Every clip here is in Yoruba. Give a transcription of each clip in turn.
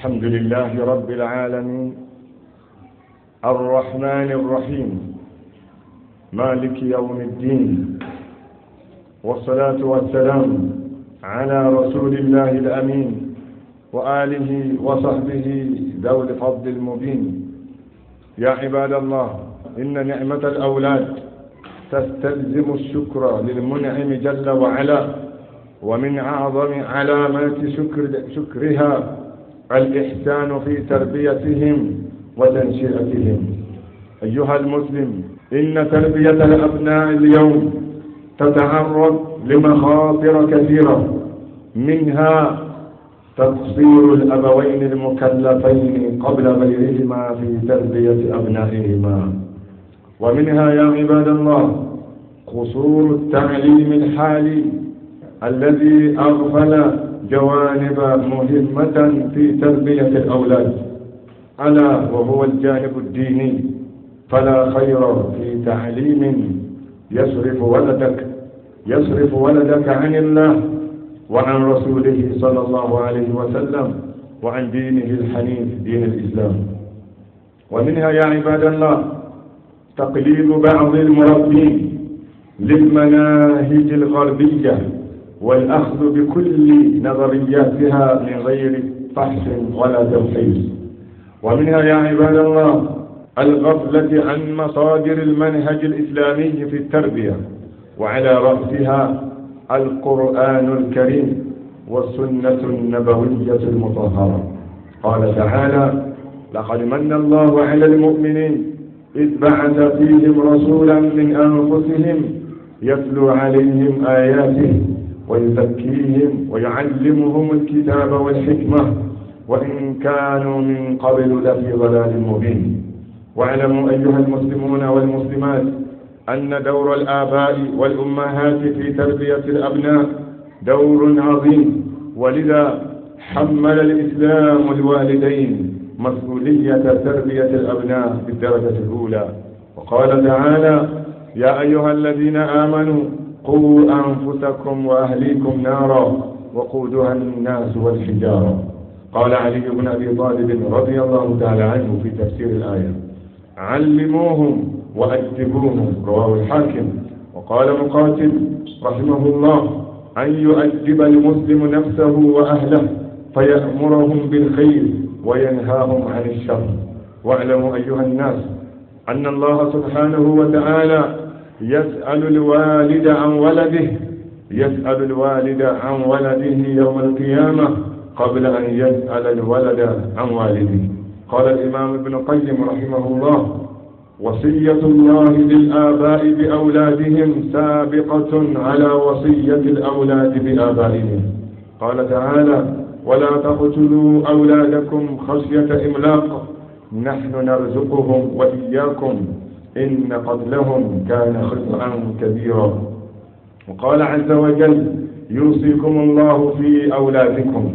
الحمد لله رب العالمين الرحمن الرحيم مالك يوم الدين والصلاة والسلام على رسول الله الأمين وآله وصحبه ذوي الفضل المبين يا عباد الله إن نعمة الأولاد تستلزم الشكر للمنعم جل وعلا ومن أعظم علامات شكر شكرها الإحسان في تربيتهم وتنشئتهم أيها المسلم إن تربية الأبناء اليوم تتعرض لمخاطر كثيرة منها تقصير الأبوين المكلفين قبل غيرهما في تربية أبنائهما ومنها يا عباد الله قصور التعليم الحالي الذي أغفل جوانب مهمة في تربية الأولاد ألا وهو الجانب الديني فلا خير في تعليم يصرف ولدك يصرف ولدك عن الله وعن رسوله صلى الله عليه وسلم وعن دينه الحنيف دين الإسلام ومنها يا عباد الله تقليد بعض المربين للمناهج الغربية والأخذ بكل نظرياتها من غير فحص ولا تمحيص ومنها يا عباد الله الغفلة عن مصادر المنهج الإسلامي في التربية وعلى رأسها القرآن الكريم والسنة النبوية المطهرة قال تعالى لقد من الله على المؤمنين إذ بعث فيهم رسولا من أنفسهم يتلو عليهم آياته ويزكيهم ويعلمهم الكتاب والحكمة وإن كانوا من قبل لفي ضلال مبين واعلموا أيها المسلمون والمسلمات أن دور الآباء والأمهات في تربية الأبناء دور عظيم ولذا حمل الإسلام الوالدين مسؤولية تربية الأبناء بالدرجة الأولى وقال تعالى يا أيها الذين آمنوا قوا أنفسكم وأهليكم نارا وقودها الناس والحجارة قال علي بن أبي طالب رضي الله تعالى عنه في تفسير الآية علموهم وأدبوهم رواه الحاكم وقال مقاتل رحمه الله أن يؤدب المسلم نفسه وأهله فيأمرهم بالخير وينهاهم عن الشر واعلموا أيها الناس أن الله سبحانه وتعالى يسأل الوالد عن ولده يسأل الوالد عن ولده يوم القيامة قبل أن يسأل الولد عن والده قال الإمام ابن القيم رحمه الله وصية الله للآباء بأولادهم سابقة على وصية الأولاد بآبائهم قال تعالى ولا تقتلوا أولادكم خشية إملاق نحن نرزقهم وإياكم إن قتلهم كان خطأ كبيرا وقال عز وجل يوصيكم الله في أولادكم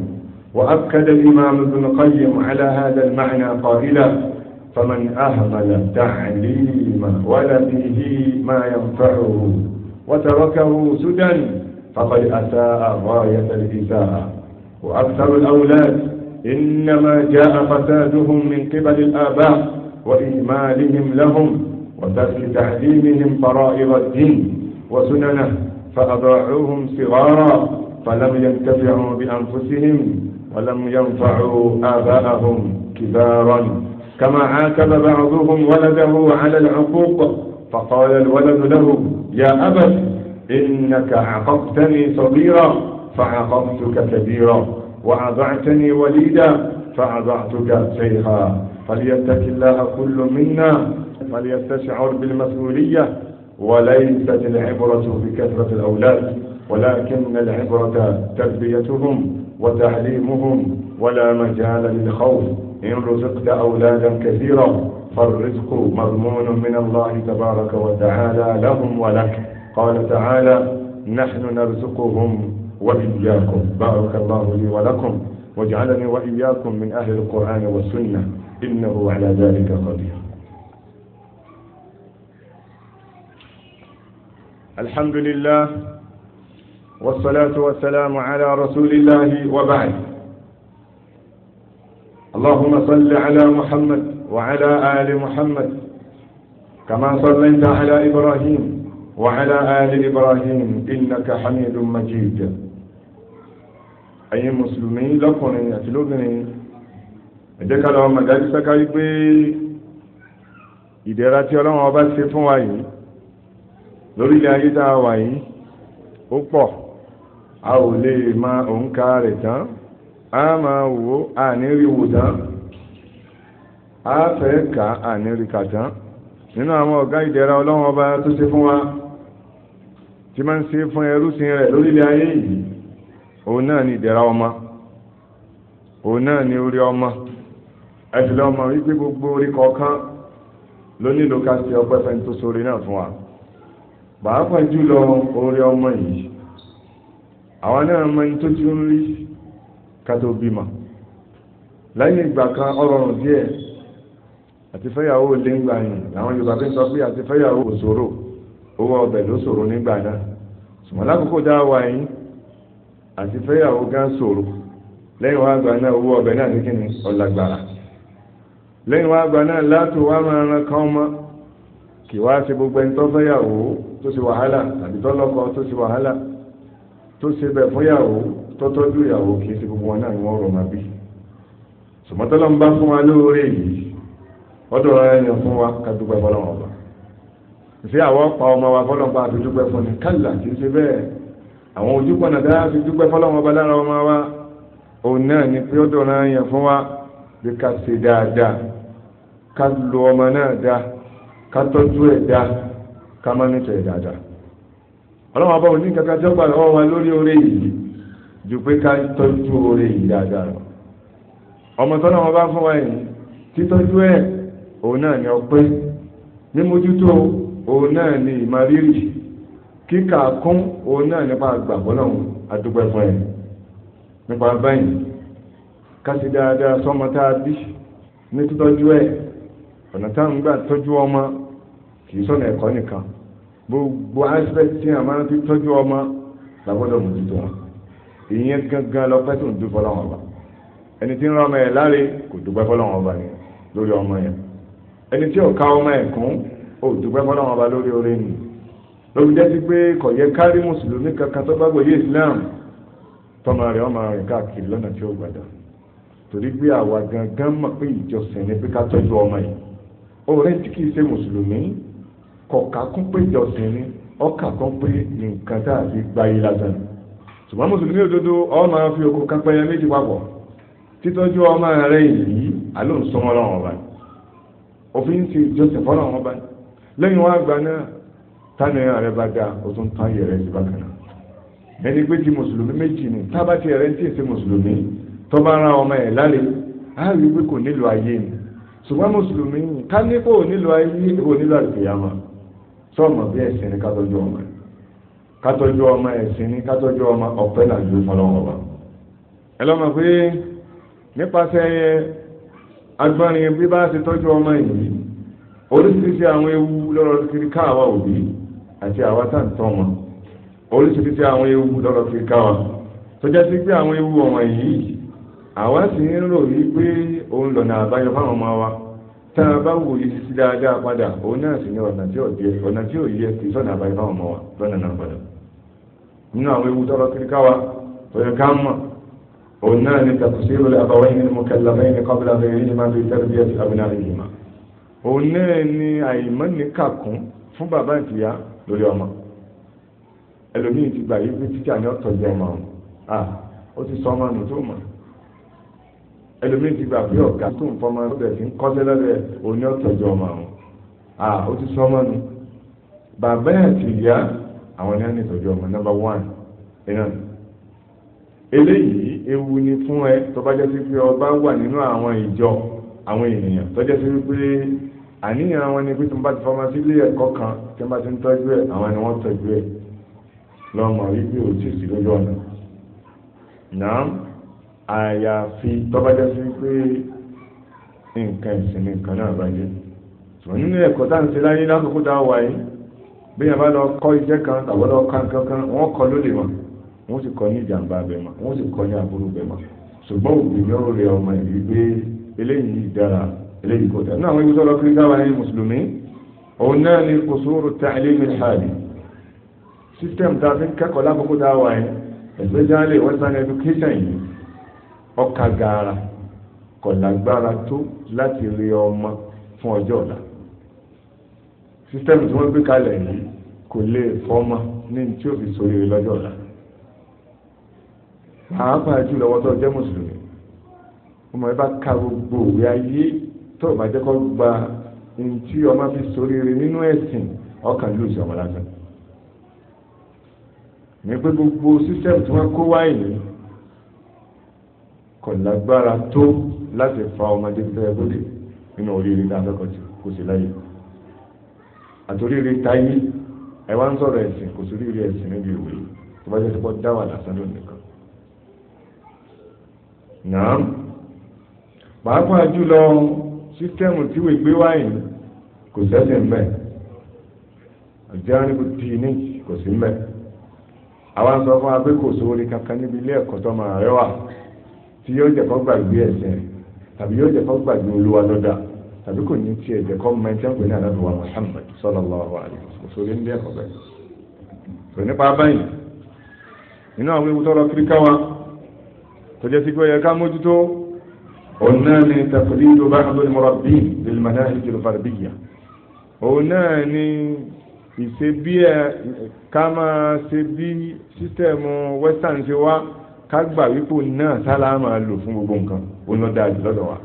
وأكد الإمام ابن القيم على هذا المعنى قائلا فمن أهمل تعليم ولده ما ينفعه وتركه سدى فقد أساء غاية الإساءة وأكثر الأولاد إنما جاء فسادهم من قبل الآباء وإهمالهم لهم وترك تعليمهم فرائض الدين وسننه فأضاعوهم صغارا فلم ينتفعوا بأنفسهم ولم ينفعوا آباءهم كبارا كما عاتب بعضهم ولده على العقوق فقال الولد له يا أبت إنك عقبتني صغيرا فعقبتك كبيرا وأضعتني وليدا فأضعتك شيخا فليتك الله كل منا فليستشعر بالمسؤولية وليست العبرة بكثرة الأولاد ولكن العبرة تربيتهم وتعليمهم ولا مجال للخوف إن رزقت أولادا كثيرا فالرزق مضمون من الله تبارك وتعالى لهم ولك قال تعالى نحن نرزقهم وإياكم بارك الله لي ولكم واجعلني وإياكم من أهل القرآن والسنة إنه على ذلك قدير الحمد لله والصلاة والسلام على رسول الله وبعد اللهم صل على محمد وعلى آل محمد كما صليت على إبراهيم وعلى آل إبراهيم إنك حميد مجيد أي مسلمين لكم أتلوبني أجاك اللهم مدارسك أي ìdẹ̀ra tí ọlọ́run ọba ṣe fún wa yìí lórílẹ̀ ayé tá a wà yìí ó pọ̀ a ò lè ma òǹkà rẹ̀ tán a máa wò ó àníríwò tán a fẹ́ kà àníríkà tán nínú àwọn ọ̀gá ìdẹ̀ra ọlọ́wọ́n ọba tó ṣe fún wa tí máa ń ṣe fún ẹrúsìn rẹ̀ lórílẹ̀ ayé yìí òun náà ni ìdẹ̀ra ọmọ òun náà ni orí ọmọ ẹ̀sìn lọ́mọ wípé gbogbo orí kọ̀ọ̀kan ló nílò ká ṣe ọpẹ́ fẹ́ni tó sórí náà fún wa. pàápàá jùlọ orí ọmọ yìí àwọn náà mọ ní tó ti ń rí kátó bímọ lẹ́yìn ìgbà kan ọrọ̀rùn díẹ̀ àti fẹ́yàwó lé ń yìí làwọn Yorùbá fi sọ pé àti fẹ́yàwó kò ṣòro owó ọbẹ̀ ló ṣòro nígbà náà ṣùgbọ́n lákòókò dá wa yìí àti gan ṣòro lẹ́yìn wá àgbà náà owó ọbẹ̀ náà ní kíni ọ̀làgbàrà lẹ́yìn wá àgbà náà látò wá máa ran mọ́ wá ṣe gbogbo tó ṣe wàhálà tàbí tọ́lọ́kọ tó ṣe wàhálà tó ṣe bẹ̀ fúnyàwó tó tọ́jú ìyàwó kì í ṣe gbogbo wọn náà ni wọ́n rọ̀ máa bí sọmọtọ́lọ́ ń bá fún wa lóore yìí ọdọ̀ rẹ̀ ni fún wa ká dúpẹ́ fọlọ́wọ́n ọba ṣé àwọn pa ọmọ wa fọlọ́wọ́n pa àti dúpẹ́ fún ni kálà kì í ṣe bẹ́ẹ̀ àwọn ojúkọ̀nà tá a fi dúpẹ́ fọlọ́wọ́n ọba lára ọmọ wa òun náà ni pé ọdọ̀ rẹ̀ yẹn fún wa bí ká ṣe dáadáa ká lo ká má nífẹ̀ẹ́ dáadáa ọlọ́run abọ́ òní kankan tí gbà lọ́wọ́ wọn lórí yìí ju pé ká tọ́jú oore yìí dada lọ ọmọ tọ́lá wọn bá fún wa yìí títọ́jú ẹ̀ òun náà ni ọpẹ́ mímójútó òun náà ni ìmárírì kíkà kún òun náà nípa àgbàgbọ́ náà ẹ̀ nípa báyìí kásì tá gbogbo aspect tí a máa ti tọ́jú ọmọ làgbọ́dọ̀ mójútó wọn ìyẹn gangan lọ pẹ́ tó ń dúpọ́ lọ́wọ́ ọba ẹni tí ń rán ọmọ ẹ̀ láre kò dúpẹ́ fọ́lọ́wọ́ ọba ni lórí ọmọ yẹn ẹni tí ò ká ọmọ ẹ̀ kún ò dúpẹ́ fọ́lọ́wọ́ ọba lórí orí ni lórí jẹ́ sí pé kò yẹ kárí mùsùlùmí kankan tó bá gbòye Islam tọmọ rẹ̀ ọmọ rẹ̀ káàkiri lọ́nà tí ó gbàdá torí pé àwa gangan mọ̀ pé ìjọsìn ni pé ká tọ́jú ọmọ yìí òun rẹ̀ tí kì í ṣe mùsùlùmí kọ̀ọ̀ká kún pé ìjọsìn ni ọkà kan pé nǹkan tá a fi gba yìí lásán ṣùgbọ́n mùsùlùmí òdodo ọmọ fi oko kápẹ́yẹ méjì papọ̀ títọ́jú ọmọ rẹ yìí àlóǹsọmọ ọlọ́run ọba òfin ti ìjọsìn fọlọ́run ọba lẹ́yìn wá gba náà tánà rẹ bá dáa o tún tán yẹrẹ sí bákan náà ẹni pé ti mùsùlùmí méjì ni tábà ti yẹrẹ tí èsì mùsùlùmí tó bá ra ọmọ ẹ̀ lálẹ́ á rí kò nílò ayé ni ṣùgbọ́n mùsùlùmí ká ní kó nílò ayé kò nílò àlùkìyàmọ́ sọ́ọ̀mù bí ẹ̀sìn ni kátọ́jú ọmọ ẹ̀ kátọ́jú ọmọ ni ọmọ ọ̀pẹ́ là pé nípasẹ̀ agbọ́nrin bí bá ọmọ yìí oríṣiríṣi àwọn ewu lọ́rọ̀ kiri òbí àti àwa tọ́ wọn ewu lọ́rọ̀ kiri ká sí pé ewu yìí àwa sì ń rò yí pé òun àbáyọ fáwọn ọmọ tá a bá wòye sí dáadáa padà òun náà sì ni ọ̀nà tí ò yẹ ọ̀nà tí ò yẹ kì í sọ̀nà àbáyé fáwọn ọmọ wa lọ́nà náà padà nínú àwọn ewu tọrọ kiri káwa òye ká mọ̀ òun náà ni tàkùsírò àbáwá yìí ni mo kẹlẹ́ abẹ́yìn ní kọ́bílà abẹ́yìn ní máa fi tẹ́lifíà sí abúlé yìí mà òun náà ni àìmọ́ ní kàkún fún bàbá ìtìyá lórí ọmọ ẹlòmíì ti gbà yí pé títí àní ọ̀tọ̀ yẹ ọmọ ọ̀hún ó ti sọ ọmọ nù tó mọ̀ ẹlòmíì ti gbà pé ọ̀gá tó ń fọmọ ẹgbẹ́ fi ń kọ́sẹ́ lọ́dẹ òní ọ̀tọ̀jọ́ ọmọ àwọn à ó ti sọ ọmọ nu bàbá ẹ̀ ti yá àwọn ní àná ìtọ́jú ọmọ nọ́mbà wán ẹ̀nà eléyìí ewu ni fún ẹ tó bá jẹ́ sí pé ọba wà nínú àwọn ìjọ àwọn ènìyàn tó jẹ́ sí pé àníyàn wọn ni pé tó ń bá ti fọmọ sí ilé ẹ̀kọ́ kan tí wọ́n bá ti ń tọ́jú ẹ̀ àwọn ni wọ́n tọ́jú ẹ̀ lọ́mọ wípé òtítì àyàfi tọ́bájá sí pé nǹkan ìsinmi nǹkan náà bá jẹ́ ṣùgbọ́n nínú ẹ̀kọ́ tá ń ṣe láyé lákòókò tá a wà yìí bí yàn bá lọ kọ́ iṣẹ́ kan tàbí lọ kọ́ nǹkan kan wọ́n kọ́ lóde mọ̀ wọ́n sì kọ́ ní ìjàmbá bẹ̀ mọ̀ wọ́n sì kọ́ ní àbúrò bẹ̀ mọ̀ ṣùgbọ́n òbí ní ó rẹ ọmọ ìlú pé eléyìí dára eléyìí kò dára nínú àwọn ibùsọ̀ lọ́kùnrin káwa ní mùsùlùmí òun náà ni kòsóró ta'lim al-hali system tá a fi ń kẹ́kọ̀ọ́ lákòókò tá a wà yìí especially western education ọkà gaara kò lágbára tó láti rí ọmọ fún ọjọ́ ọ̀la sísítẹ́mù tí wọ́n gbé kalẹ̀ yìí kò lè fọ́mọ ní tí ó fi sórí rẹ lọ́jọ́ ọ̀la pàápàá jùlọ wọ́n tó jẹ́ mùsùlùmí ọmọ ẹ bá ka gbogbo òwe ayé tó bá jẹ́ kó gba ní ọmọ fi sórí rẹ nínú ẹ̀sìn ọkàn ló ṣe ọmọ lásán ní pé gbogbo sísítẹ́mù tí wọ́n kó wáyé yìí kò lágbára tó láti fa ọmọdé fẹ́ gbódé nínú oríire tá a fẹ́ kọ́ sí kò sí láyé àtòríire táyé ẹ wá ń sọ̀rọ̀ ẹ̀sìn kò sí oríire ẹ̀sìn níbi ìwé tó bá jẹ́ tó bọ́ dáwà lásán lónìí nìkan. nàá pàápàá jùlọ sísítẹ́ẹ̀mù tíwèé gbé wáyé kò sẹ́sìn mẹ́ẹ̀ àjẹ́rìnbó tí ní kò sí mẹ́ẹ̀ àwọn sọ fún wa pé kò sówó ní kankan níbi ilé ẹ̀kọ́ tó máa rẹwà tí yóò jẹ́ kó gbàgbé ẹ̀sẹ̀ tàbí yóò jẹ́ kó gbàgbé olúwa lọ́dà tàbí kò ní tiẹ̀ jẹ́ kó mọ ẹjẹ́ pé ní àlọ́ wa Muhammad sallallahu alaihi wasallam sórí ń dẹ́kọ̀ bẹ́ẹ̀. tò nípa báyìí nínú àwọn ewu tọrọ kíríkà wa tó jẹ́ sí pé ẹ̀ka mójútó òun náà ni taqlidu ba'd al-murabbi lil manahij al-fardiyya òun náà ni ìṣe bí ká máa ṣe bí sísẹ̀mù western ṣe wá ká gbà wípò náà sálá máa lò fún gbogbo nǹkan òun lọ dáa jù lọ́dọ̀ wa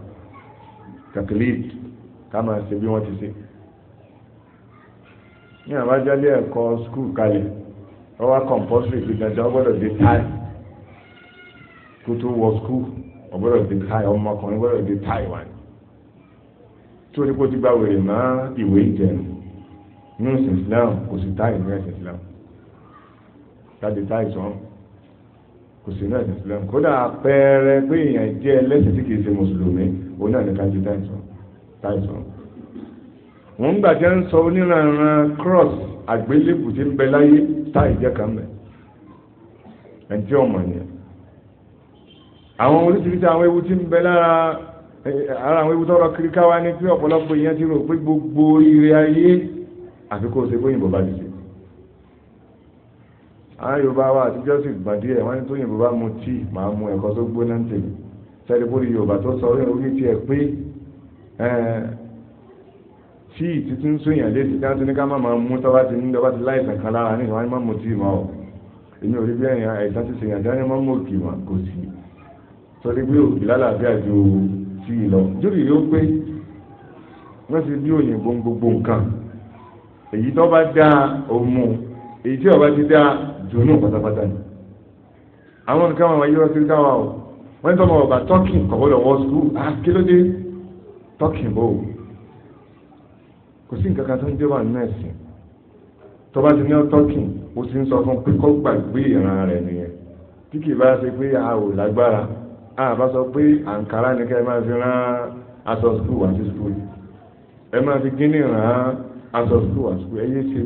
kàkìlíìd ká máa ṣe bí wọ́n ti ṣe ní àbájáde ẹ̀kọ́ skul kalẹ̀ ọwọ́ compulsory fi dandan ọgbọ́dọ̀ dé táì kó tó wọ skul ọgbọ́dọ̀ dé táì ọmọkùnrin ọgbọ́dọ̀ dé táì wà ní torí kó ti gba wèrè má ìwé ìjẹun nínú ìsìn Islam kò sí táì nínú ìsìn Islam láti táì sọ́run kò sí náà ní islam kódà àpẹẹrẹ pé èèyàn jẹ́ ẹlẹ́sìn tí kìí ṣe mùsùlùmí òun náà ní ká jẹ táìsàn. wọ́n gbà jẹ́ ń sọ oníranran cross àgbélébù tí ń bẹ láyé táì jẹ́ kàn mẹ́ ẹ̀jẹ̀ ọmọ yẹn. àwọn oríṣiríṣi àwọn ewu tí ń bẹ lára ara àwọn ewu tọrọ kiri káwa ni pé ọ̀pọ̀lọpọ̀ èèyàn ti rò pé gbogbo ire ayé àfikún ṣe fún ìbò bá ti ṣe àwọn yorùbá wa àtijọ́ sì gbà díẹ̀ wọ́n ní tó yìnbó bá mu tíì máa mu ẹ̀kọ́ tó gbóná ń tèmi sẹ́ni bó ni yorùbá tó sọ orí orí tiẹ̀ pé tíì títí ń sún yàn létí dáńtí ní ká má máa mú tọ́ba ti ní tọ́ba ti láìsàn kan lára ní ìwádìí má mu tíì mọ́ ọ èmi ò rí bí ẹ̀yàn àìsàn ti sèyàn dání má mú òkì mà kò sí sọ́ni pé òkì lálàáfíà ju tíì lọ jókòó yóò pé wọ́n ti bí òyìnbó gbogbo nǹkan èyí tó bá dáa òun èyí tí ọba ti dá dùnú pátápátá ni àwọn nǹkan wọn ti dá wa o wọn tọ́ ọmọ ọba tọ́kì kọ̀bọ́dọ̀ wọ skul á kí ló dé bò ó kò sí nǹkan kan tó ń dé wà nínú ẹ̀sìn ti ní ọ tọ́kì ó ti ń sọ a ò lágbára a bá sọ pé àǹkárá ni skul skul ẹ máa fi gíní skul skul ẹ yé ṣe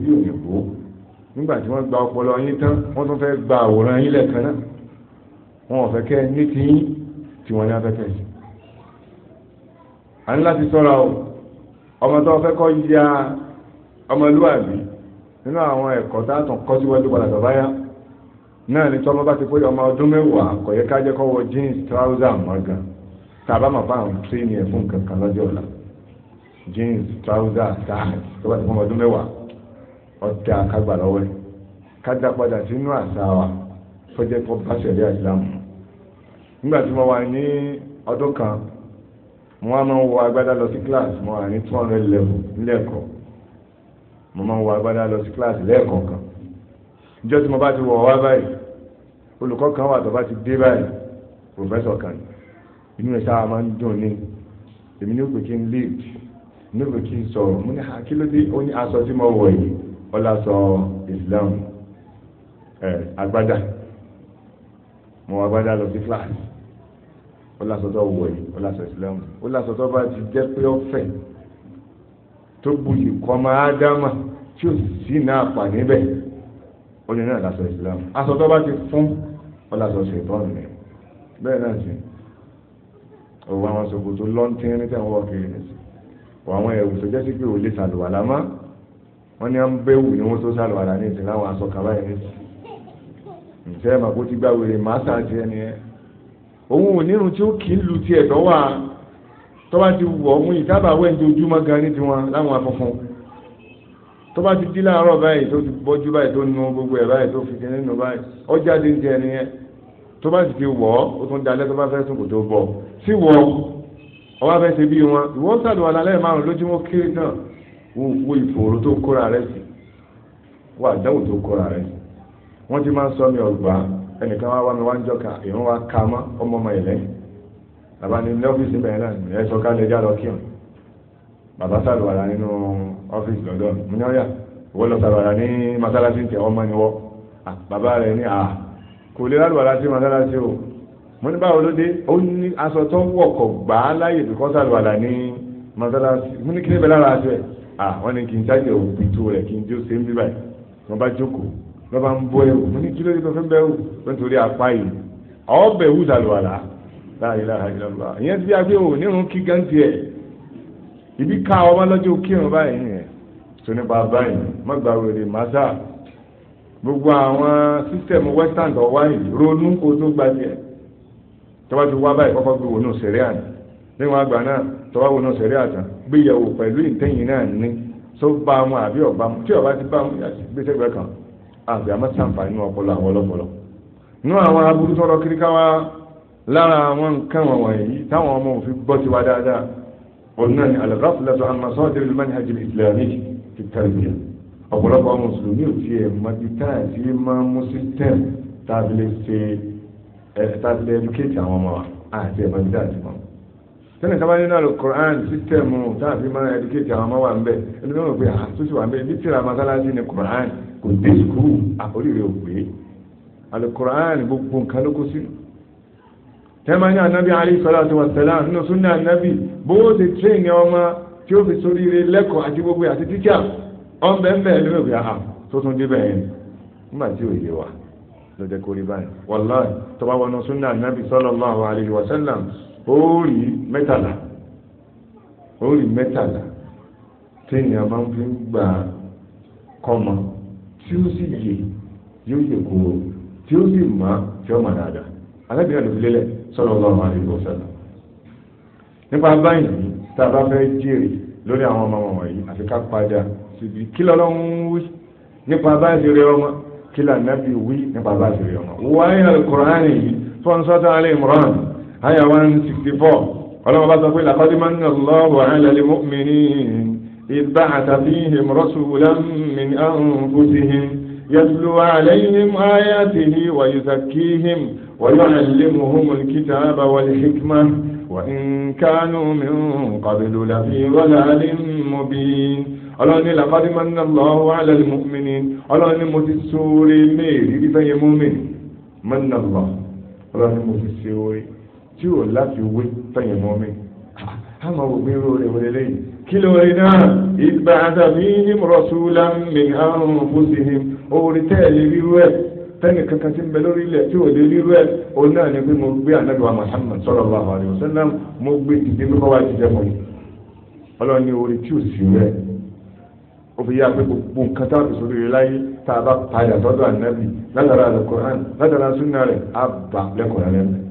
nígbà tí wọ́n gba ọpọlọ yín tán wọ́n tún fẹ́ gba àwòrán yín lẹ́ẹ̀kan náà wọn ò fẹ́ kẹ́ ní ti yín tí wọ́n ní afẹ́fẹ́ yìí. a ní láti sọ́ra o ọmọ tó fẹ́ kọ́ ya ọmọlúwàbí nínú àwọn ẹ̀kọ́ tá a tàn kọ́ síwájú padà tó bá yá náà ní tọ́mọ bá ti pé ọmọ ọdún mẹ́wàá kò yẹ ká jẹ́ kó wọ jeans trouser mọ́gàn tàbá máa bá àwọn tírénì ẹ̀ fún kankan lọ́jọ́ ọ̀la jeans trouser tààtì tó bá ti pé ọmọ ọdún mẹ́wàá ọ̀dà kagbà lọ́wọ́ ẹ̀ kájà padà sínú àṣà wa tọ́jẹ́ kọ́ bá ṣẹ̀ríà ìsìlámù nígbà tí mo wà ní ọdún kan mo wá máa ń wọ agbádá lọ sí kíláàsì mo wà ní two hundred level nílẹ̀kọ́ mo máa ń wọ agbádá lọ sí kíláàsì lẹ́ẹ̀kọ̀ọ̀kan ìjọ tí mo bá ti wọ̀ wá báyìí olùkọ́ kan wà tó bá ti dé báyìí pòfẹ́sọ̀ kan inú ẹ̀ sáà máa ń dùn ní èmi ní òpè kí n lead ní òpè kí n sọ̀rọ̀ mo ní àkílódé ó ní aṣọ tí mo wọ̀ yìí ọlá sọ islam ẹ agbádá mo agbádá lọ sí kíláàsì ọlá sọ tó wọ yìí ọlá sọ islam ọlá sọ tó bá ti jẹ pé ọ̀fẹ́ tó buyì kọmọ ádámà tí ó sì náà pa níbẹ̀ ó ní náà lásọ islam aṣọ tó bá ti fún ọlá sọ ṣètọ́nù ni bẹ́ẹ̀ náà sì òun àwọn ṣòkòtò lọ́ntínrín tẹ̀ ń wọ́ kiri nìyí òun àwọn ẹ̀wù tó jẹ́ sí pé ò lè sàlùwàlá máa wọ́n ní à ń bẹ́wù ni wọ́n tó sàlùwàlà ní ìsìn láwọn aṣọ kàbá yẹn nísìn ǹjẹ́ ẹ̀ màkó ti gbá wèrè màá sàn ti ẹni ẹ òun ò nírun tí ó kì í lu tiẹ̀ dọ́wà tọ́ba ti wù ọ́ mú ìdábà wẹ́ǹdì ojúmọ́ gan ní tiwọn láwọn afọ́fọ́n tọ́ba ti dí láàárọ̀ báyìí tó ti bọ́jú báyìí tó nu gbogbo ẹ̀ báyìí tó fi kí nínú báyìí ọjà ti ń jẹ ẹni yẹn tọ́ba ti ti wọ̀ ọ́ ó tún dalẹ́ tọ́ba fẹ́ sùn kò tó bọ̀ sí wọ̀ ọ́ wá fẹ́ ṣe bí wọn ìwọ́n sàdùn àlálẹ́ wo ìfòòró tó kóra rẹ̀ sí wo àdánwò tó kóra rẹ̀ sí wọ́n ti máa ń sọ mi ọ̀gbà ẹnìkan wá wá mi wá ń jọ́ka èèyàn wá ka mọ́ ọmọ ọmọ ìlẹ́ bàbá ni ní ọ́fíìsì bẹ̀rẹ̀ náà ní ẹ̀sọ́ ká lè já lọ kí ọ̀ bàbá sàlùwàlà nínú ọ́fíìsì lọ́dọ̀ mi ní ọ̀yà ìwọ lọ sàlùwàlà ní masalasi ń tẹ̀ ọmọ ni wọ́ bàbá rẹ̀ ní à kò lè lálùwàlà sí masalasi o mo ní báwo ló dé ó ní aṣọ tó wọ̀kọ̀ gbà á láyè bìkọ́ sàlùwàlà ní masalasi mo ní kí Ah, wọ́n ní kí n ṣáàjì òbí tó rẹ̀ kí n jó ṣe ń bí báyìí wọ́n bá jókòó wọ́n bá ń bọ́ ẹ̀wù mo ní kí ló dé tó fi ń bẹ́ẹ̀ nítorí apá yìí ọ̀ọ́bẹ̀ wù sàlùwàlà láàyè láàyè lọ́lọ́ ìyẹn ti bí agbé wò nírun kí gáǹtì ẹ̀ ibi ká ọmọ lọ́jọ́ kírun báyìí yẹn tó nípa báyìí má gba wèrè màsà gbogbo àwọn sísẹ̀mù western tó wáyé ronú kó tó gbajẹ tó bá ti wá báyìí kọ́kọ́ gbé wò nù sẹ̀ríà ni níwọ̀n àgbà náà tọ́wọ́ náà sẹ̀rí àtàn gbéyàwó pẹ̀lú ìtẹ́yìn náà ní tó bá wọn àbí ọ̀bá tí ọ̀bá ti bá wọn yàtì gbé sẹ́gbẹ̀ẹ́ kan àbí àmọ́ sàǹfà nínú ọpọlọ àwọn ọlọ́pọlọ. nínú àwọn aburú tọrọ kiri káwá lára àwọn nǹkan wọn wọ̀nyí táwọn ọmọ òfin gbọ́ ti wá dáadáa ọ̀nà ni alghaflatu amma sadri al-manhaj al ọ̀pọ̀lọpọ̀ eh, ọmọ sẹ́ni sábà nínú àlọ́ Quran sísítẹ́ẹ̀mù táà fi máa ẹdíkéètì àwọn ọmọ wa ń bẹ̀ ẹni ah, tó ń pè á ń bẹ̀ ní tìrà masalasi ni Quran kò dé sukuu àkórìrè òwe àlọ́ Quran gbogbo nǹkan ló kó sínú tẹ́lẹ̀ ní anabi alayhi salatu wa salam nínú sunna anabi bó o ti tírẹ̀nì ọmọ tí ó fi sórí rẹ lẹ́kọ̀ọ́ àti gbogbo àti tíjà ọ̀nbẹ̀ẹ́nbẹ̀ ẹni tó ń pè á tó tún dé bẹ́ẹ̀ nígbà tí ò yé wa lọ́jọ́ kórìí báyìí wàlláhi tọ́ba wọnú sunna anabi sallallahu alayhi wa sallam ó rí mẹ́tàlá ó rí mẹ́tàlá téèyàn máa ń fi gbà kọ́mọ tí ó sì yè yóò yè kúrò tí ó sì mọ tí ó mọ dáadáa alábìyàn ló fi lélẹ̀ sọ̀rọ̀ ọlọ́run àdìgbò sọ̀rọ̀ nípa báyìí tá a bá fẹ́ jèrè lórí àwọn ọmọ wọ̀nyí àfi ká padà síbi kí lọ́lọ́run wí nípa báyìí rẹ ọmọ kí lànà bí wí nípa báyìí rẹ ọmọ wáyé alukóraní yìí fọ́nṣọ́tà alẹ́ ìmọ̀ràn àyà one sixty four ọlọ́wọ́ bá sọ pé laqad manna Allahu ala al-mu'minin idh ba'atha fihim rasulan min anfusihim yatlu alayhim ayatihi wa yuzakkihim wa yu'allimuhum al-kitaba wal-hikmah وإن كانوا من قبل لفي ضلال مبين ọlọ́ni làkọ́dí máa ń ná lọ́wọ́ alẹ́ mọ́mìnì ọlọ́ni mo ti sóore léèrè ìfẹ́yẹ mọ́mìnì máa ń ná lọ́wọ́ ọlọ́ni mo ti sóore tí ò láfi wé fẹ̀yìn mọ́ mi a máa wò pé irú rẹ̀ wọlé lẹ́yìn kí ló rí náà ìgbà àtàbí ní rasulan min anfusihim orí tẹ́ẹ̀lì rírú ẹ̀ tẹ́nì kankan tí ń bẹ lórí ilẹ̀ tí ò lè rírú ẹ̀ òun náà ni pé mo gbé ànábì wa Muhammad sallallahu alaihi wasallam mo gbé dìde pé bọ́wá ti jẹ́ mọ́ yìí ọlọ́run orí tí ò sí rẹ̀ ó fi yá pé gbogbo nǹkan tá a fi sórí rẹ̀ láyé tá a bá padà sọ́dọ̀ ànábì látara Al-Qur'an látara súnà rẹ̀ á bà lẹ́kọ̀ọ́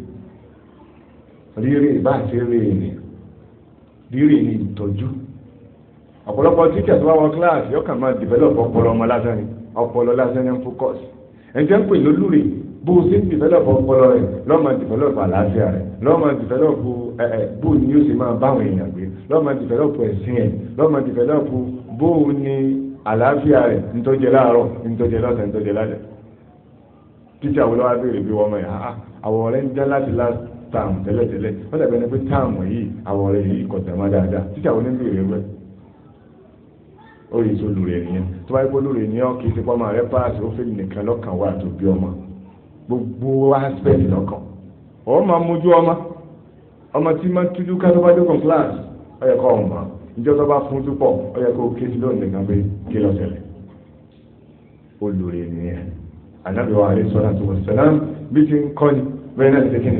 rírì ìbá àti rírì ènìyàn rírì ni ìtọ́jú ọ̀pọ̀lọpọ̀ tíkẹ̀ tó bá wọ kíláàsì yóò kàn máa develop ọpọlọ ọmọ lásán ni ọpọlọ lásán ni ń focus ẹ̀jẹ̀ ń pè lólùrè bó o ṣe ń develop ọpọlọ rẹ lọ́ọ́ máa develop àlàáfíà rẹ lọ́ọ́ máa develop bó o ní o ṣe máa báwọn èèyàn gbé lọ́ọ́ máa develop ẹ̀sìn ẹ̀ lọ́ọ́ máa develop bó o ní àlàáfíà rẹ ntọ́jẹ láàárọ̀ ntọ́jẹ lọ́sàn ntọ́jẹ lálẹ́ tíṣà wo lọ́wọ́ béèrè bí wọ́n mọ̀ yà á ah, ah, àwọ̀ rẹ̀ ń jẹ́ láti láti táàmù tẹ́lẹ̀tẹ́lẹ̀ ó dàbí ẹni pé táàmù yìí àwọ̀ rẹ̀ yìí kọ̀tà má dáadáa títí àwọn oníbèrè rẹ̀ ó yìí tó lù rẹ̀ nìyẹn tó bá yẹ kó nìyẹn kì í ti wà gbogbo aspect lọ́kàn mójú ọmọ ọmọ tí ká tó bá dé yẹ kó ìjọ tó bá fún ọ yẹ kó kéjì pé kí ó nìyẹn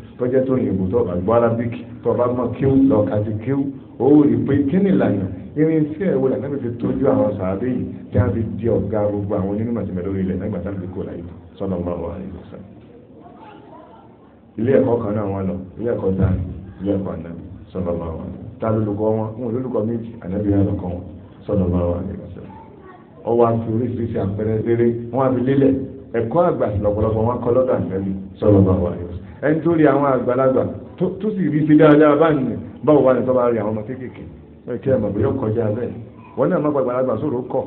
tọ́jẹ́ tó yìnbó tó bá gbọ́ arabic tó bá mọ̀ kíw lọ́ọ̀ka ti kíw ó rí pé kí ni ìlànà irinṣẹ́ ẹ̀wọ́ làná mi fi tójú àwọn sàádé yìí tí a fi di ọ̀gá gbogbo àwọn onímọ̀ àti mẹ́lórí ilẹ̀ nígbà táwọn ìdíkò láyé sọ́nà ọmọ wa ìlúṣà ilé ẹ̀kọ́ kan náà wọn lọ ilé ẹ̀kọ́ dáa ilé ẹ̀kọ́ ànábì sọ́nà ọmọ wa ta lólùkọ́ wọn wọn lólùkọ́ méjì ànábì náà lọ́kọ́ wọn sọ́nà ọmọ wa ìlúṣà ọwọ́ àti oríṣiríṣi àpẹẹrẹ rere wọn ẹni tó rí àwọn àgbàlagbà tó sì rí sí dáadáa báyìí báwo wà ní sọ́ba rí àwọn ọmọ kéékèèké ẹ kí ẹ mọ̀ bóyá kọjá bẹ́ẹ̀ wọn náà má àgbàlagbà sóòrò kọ̀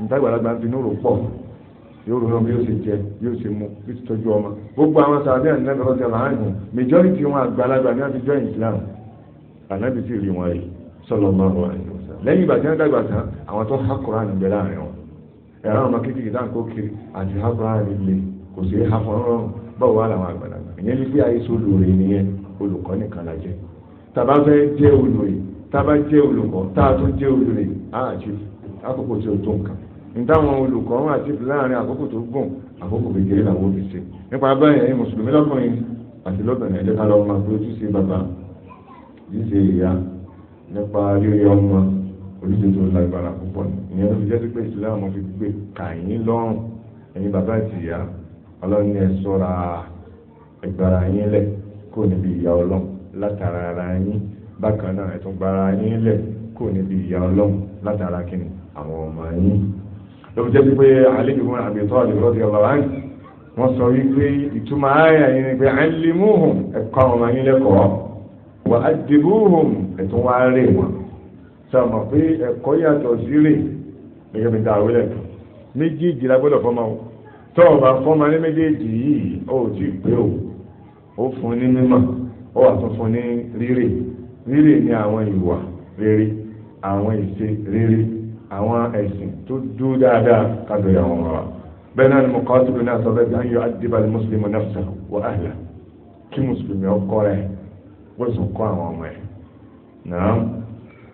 níta àgbàlagbà ń finú rò pọ̀ yóò rò lọ́mọ yóò ṣe jẹ yóò ṣe mu yóò ṣe tọ́jú ọmọ gbogbo àwọn sàbí ànábì rọ́jà majority wọn àgbàlagbà ní àti join Islam ànábì sì rí wọn sọlọ lẹ́yìn ìgbà tí wọ́n dàgbà tán àwọn tó láàrin wọn ẹ̀rọ àwọn ọmọ kékeré dáńkó kiri àti ìyẹn ní bí àìsí olùrè nìyẹn olùkọ́ nìkan la jẹ́ tàbá fẹ́ jẹ́ olùrè tàbá jẹ́ olùkọ́ a tún jẹ́ olùrè á àti àkókò tí o tó nǹkan nítawọn olùkọ́ wọn àti láàrin àkókò tó gùn àkókò kékeré làwọn òbí ṣe nípa mùsùlùmí lọ́kùnrin àti lọ́bìnrin ẹ̀jẹ̀ ká bàbá ìyá nípa rírí ọmọ tó lágbára púpọ̀ ìyẹn ló fi jẹ́ pé ìsìláàmù fi gbé kàyín lọ́rùn ẹ̀yin bàbá àti ìyá sọ́ra ìgbàrà yín lẹ̀ kò níbi ìyà ọlọ́run látara ara yín bákan náà ẹ̀tún gbàrà yín lẹ̀ kò níbi ìyà ọlọ́run látara kíni àwọn ọmọ yín ló fi jẹ́ pé alẹ́ ìgbìmọ̀ àbẹ̀tọ́ àdìgbò ti ọ̀bà wáńkì wọ́n sọ wípé ìtumọ̀ ayà yìí ni pé allimuhum ẹ̀kọ́ ọmọ yín lẹ́kọ̀ọ́ wà á dìbúhùn ẹ̀tún wá rè wọn sọmọ pé ẹ̀kọ́ yàtọ̀ sí rè gẹ́gẹ́ bí tó méjèèjì la gbọ́dọ̀ fọ́mọ tọ́ ọ̀bà fọ́mọ ní méjèèjì yìí ó ti pé o ó fún ní mímọ̀ ó wà tún fún ní rírè rírè ní àwọn ìwà rere àwọn ìṣe rere àwọn ẹ̀sìn tó dúró dáadáa kájọyà wọn wá bẹ́ẹ̀ náà ni mo kọ́ síbi náà sọ bẹ́ẹ̀ ayọ̀ mùsùlùmí wa ahla kí mùsùlùmí ọkọ rẹ̀ wọ́n sì kọ́ àwọn ọmọ ẹ̀ náà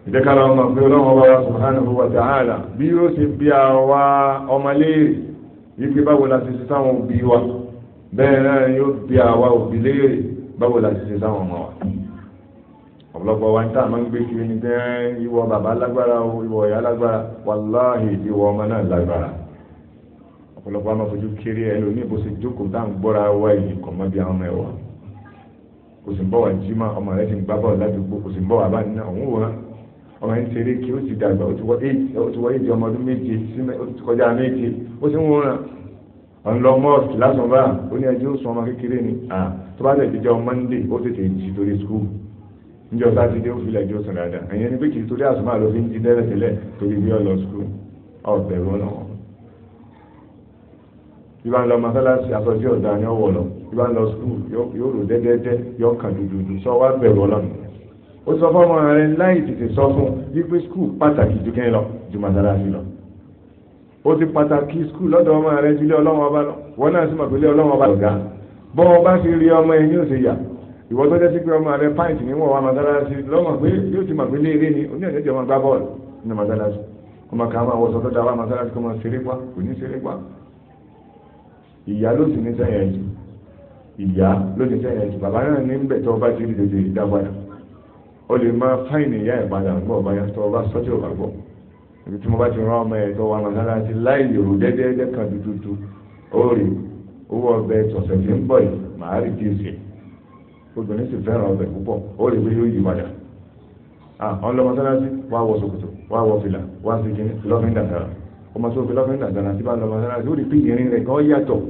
ìdẹ́kàlà ọmọ pé ọlọ́run ọba subhanahu wa ta'ala bí yóò ṣe bí àwa yìí pé báwo la ti ṣe sáwọn òbí wa bẹ́ẹ̀ náà yóò bí àwa òbí léèrè báwo la ṣe ṣe sáwọn ọmọ wa ọ̀pọ̀lọpọ̀ wa ń tà máa ń gbé kiri ní tẹ́ ìwọ bàbá lágbára ìwọ ìyá lágbára wàláhì ìwọ ọmọ náà lágbára ọ̀pọ̀lọpọ̀ àwọn fojú kiri ẹ lóní bó ṣe jókòó tá à ń gbọ́ra wá yìí kọ̀ mọ́ bí àwọn ẹ̀wà kò sì ń bọ̀ wá jimá ọmọ rẹ ti ń gbá bọ̀ ládùúgbò kò sì ń bọ̀ wá bá nínú òun wò ọmọ yẹn ti kí ó ti dàgbà ó ti wọ éjì ọmọ ọdún méje ó ti kọjá méje ó ti ń wòran ọ̀nlọ mọ́ọ̀sì lásán bá ó ní ẹjọ́ sọ ọmọ kékeré ni tó bá tẹ̀sí jọ mọ́ndé ó tètè jí torí skul níjọ sátidé ó filẹ̀ jọ sùn dáadáa ẹ̀yẹn ni pé kì í torí àsùnmọ́ àlọ́ fi ń jí tẹ́lẹ̀ tẹ́lẹ̀ torí bí ọ lọ skul ọ̀bẹ̀ rọ lọ́wọ́. bí bá ń lọ mọ́sálásí àtọ́jú ọ̀dà ni ó wọ̀ lọ bí bá ń lọ skul yóò rò dẹ́dẹ́dẹ́ yóò kàn dùdùdù sọ wá bẹ̀rù ọlọ́run ó sọ fọ́mọ rẹ láì tètè sọ fún wípé skul pàtàkì ju kẹ́ lọ ju mọ́sálásí lọ ó ti pàtàkì skul lọ́dọ̀ ọmọ rẹ ju ilé ọlọ́wọ́n ọba lọ wọn náà sì mọ̀ pé ilé ọlọ́wọ́n ọba lọ̀gá bọ́ ọ bá ti rí ọmọ ẹni yóò ṣe yà ìwọ tó jẹ́ sí pé ọmọ rẹ pint ní wọ́n wà mọ́sálásí lọ́mọ pé yóò ti mọ̀ pé ilé eré ni oní ọ̀jẹ̀ jẹ́ ọmọ gbá bọ́ọ̀lù ní mọ́sálásí ọmọ kan máa wọṣọ tó dáwà mọ́sálásí kọ́ mọ́ ṣeré pa kò ní ṣeré pa ìyá ló sì ní sẹ́yìn ẹ̀jù ìyá ló ní sẹ́yìn ẹ̀jù bàbá náà ní bẹ̀ tó bá ti rí tètè ìdá ó lè máa fáìnì ìyá ẹ̀ padà gbọ́ ọ̀bá yá tó bá sọ́jọ́ ọ̀bá gbọ́ ibi tí mo bá ti rán ọmọ ẹ̀ tó wà mọ́sálásí láì yòrò dẹ́dẹ́dẹ́ kan tuntun ó rí owó ọbẹ̀ tọ̀sẹ̀ fi ń bọ̀ yìí màá rí díìsì obìnrin sì fẹ́ràn ọbẹ̀ púpọ̀ ó rí bí yóò yí padà àwọn lọ mọ́sálásí wá wọ ṣòkòtò wá wọ fìlà wá sí kí lọ́fíń dàdára ọmọ tó fi lọ́fíń dàdára tí bá lọ mọ́sálásí ó rí pé ìrìn rẹ̀ yàtọ̀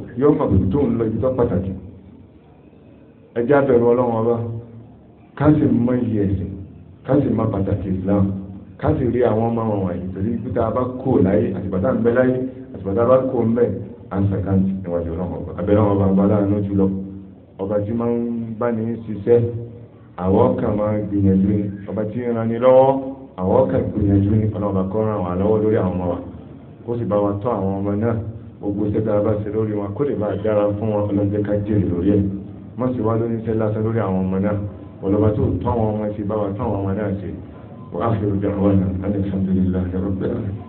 ibi ká sì rí àwọn ọmọ wọn wọ̀nyí torí pípa bá kó láyé àtìbàtà ń bẹ láyé àtìbàtà bá kó ń bẹ àǹsàkáǹtì níwájú ọlọ́mọba abẹ́rẹ́ ọmọ bàbá láàánú jùlọ ọba tí máa ń bá ní ṣiṣẹ́ àwọn kan máa ń gbìyànjú ni ọba tí ń rani lọ́wọ́ àwọn kan gbìyànjú ni ọlọ́mọba kọ́ ran wà lọ́wọ́ lórí àwọn ọmọ wa kó sì bá wa tọ́ àwọn ọmọ náà gbogbo sẹ́ta bá ṣe lórí wọn kó lè bá dára fún wọn ọlọ́jẹ́ ká jèrè lórí ẹ̀ má sì wá lórí iṣẹ́ lásán lórí àwọn ọmọ náà ọlọ́ba tó tọ́ àwọn ọmọ ṣe bá wa tọ́ àwọn ọmọ náà ṣe وآخر دعوانا أن الحمد لله رب العالمين